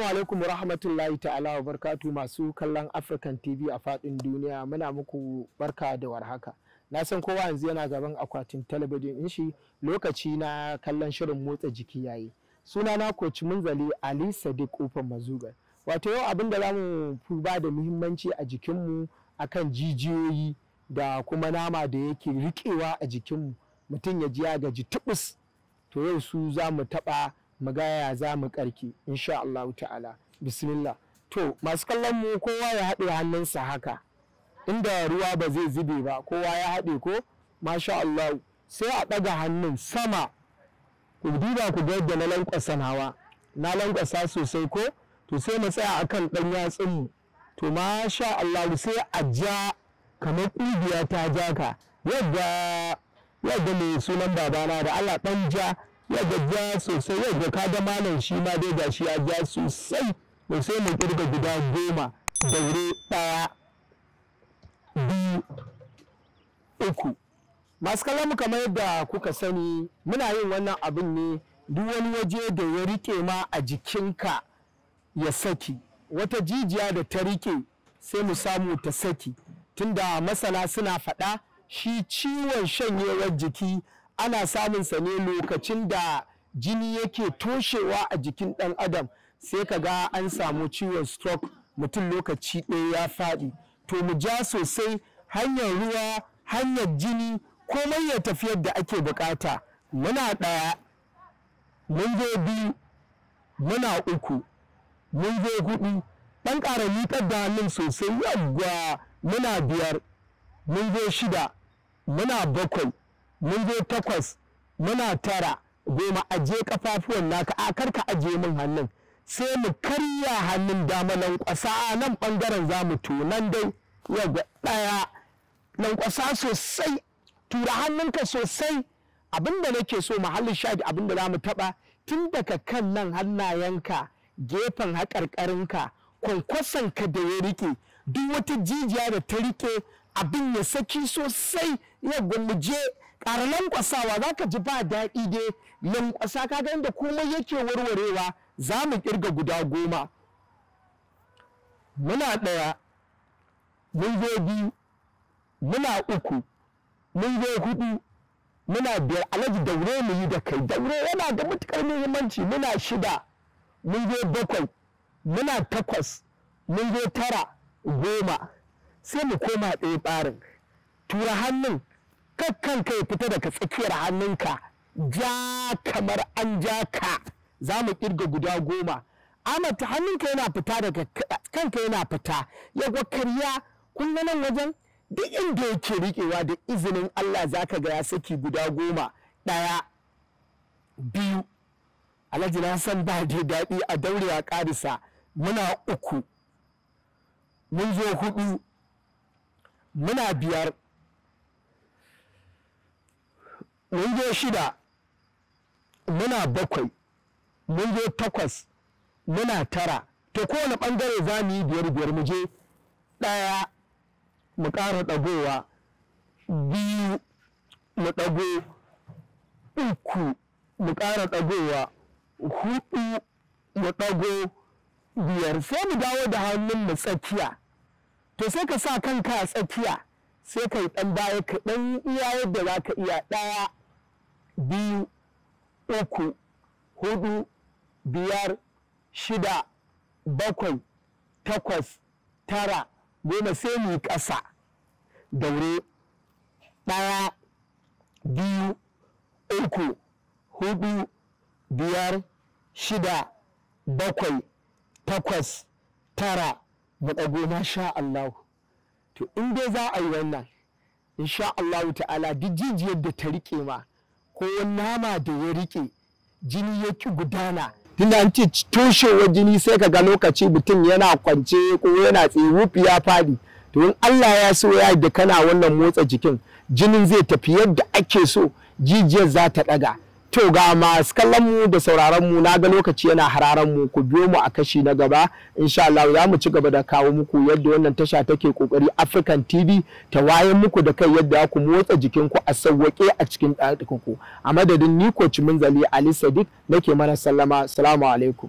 Assalamu alaikum rahmatullahi ta'ala wa barkatu masu kallon African TV a faɗin duniya muna muku barka da warhaka. Na san kowa yanzu yana gaban akwatin talabijin in shi lokaci na kallon shirin motsa jiki yayi. Suna na koci munzali Ali Sadiq Ufan Mazugar. Wato yau abin da za mu fi ba da muhimmanci a jikinmu akan jijiyoyi da kuma nama da yake riƙewa a jikinmu mutum ya ji ya gaji tubus. To yau su za mu taɓa mu ga za mu karki insha Allah ta'ala bismillah to masu kallon mu kowa ya haɗe hannunsa haka inda ruwa ba zai zube ba kowa ya haɗe ko masha Allah sai a ɗaga hannun sama ku duba ku ga yadda na lankwasa nawa na lankwasa sosai ko to sai mu tsaya akan ɗan yatsun mu to masha Allah sai a ja kamar ƙugiya ta ja ka yadda yadda mai sunan babana da Allah ɗan ja ya gajiya sosai yau ga kaga malam shi ma dai ga shi ya ja sosai to sai mu kirga guda goma daure ɗaya biyu uku masu kalamu kamar yadda kuka sani muna yin wannan abin ne duk wani waje da ya rike ma a jikinka ya saki wata jijiya da ta rike sai mu samu ta saki tunda masana suna faɗa shi ciwon shanyewar jiki ana samun sa ne lokacin da jini yake toshewa a jikin ɗan adam sai ka ga an samu ciwon stroke mutum lokaci ɗaya ya faɗi to mu ja sosai hanyar ruwa hanyar jini komai ya tafi yadda ake bukata muna ɗaya mun zo biyu muna uku mun zo hudu ɗan ƙara miƙar da hannun sosai yawwa muna biyar mun zo shida muna bakwai mun je takwas muna tara goma aje kafafuwan naka a karka aje min hannun sai mu karya hannun dama a nan bangaren za mu nan dai yaga daya kwasa sosai tura hannunka sosai abinda nake so mahallin shaji abinda za mu taɓa tun daga kan nan hannayenka gefen haƙarƙarinka ka da ya rike duk wata jijiya da ta rike abin ya saki sosai ya mu ƙara lankwasawa za ka ji ba daɗi dai lankwasa ka ga inda komai yake warwarewa za mu ƙirga guda goma muna ɗaya mun zo biyu muna uku mun zo hudu muna biyar alaji daure mu yi da kai daure yana da matuƙar muhimmanci muna shida mun zo bakwai muna takwas mun zo tara goma sai mu koma ɗaya ɓarin tura hannun kakkan kai fita daga tsakiyar hannunka ja kamar an ja ka za mu kirga guda goma amata hannunka yana fita daga kanka yana fita ya yawa karya kun nan wajen duk inda yake riƙewa da izinin Allah za ka ga saki guda goma ɗaya biyu alhaji na san ba da daɗi a daure a ƙarisa muna uku mun zo hudu muna biyar mun je shida muna bakwai mun je takwas muna tara ta kowane ɓangare za mu yi biyar biyar mu ɗaya mu ƙara ɗagowa biyu mu ɗago uku mu ƙara ɗagowa huɗu mu ɗago biyar sai mu dawo da hannun mu tsakiya to sai ka sa kanka a tsakiya sai ka yi ɗan baya ka dan iya yadda za ka iya ɗaya biyu uku hudu biyar shida bakwai takwas tara goma sai mu kasa ƙasa daure ɗaya biyu uku hudu biyar shida bakwai takwas tara mu ɗago masha Allahu to in dai za a yi wannan insha Allah ta'ala duk jijiyar da ta rike ma ko nama da ya rike jini ya ki gudana tunda an ce toshewa jini sai ka ga lokaci mutum yana kwance ko yana tsaye ya fadi to in Allah ya so ya da kana wannan motsa jikin jinin zai tafi yadda ake so jijiyar za ta daga To ga masu kallon mu da sauraron mu na ga lokaci yana hararan mu ku biyo mu a kashi na gaba insha Allah za mu ci gaba da kawo muku yadda wannan tasha take kokari African TV ta wayan muku da kai yadda ku motsa jikin ku a sawwake a cikin ɗakin ku a madadin ni ko Ali Sadiq nake mana sallama assalamu alaikum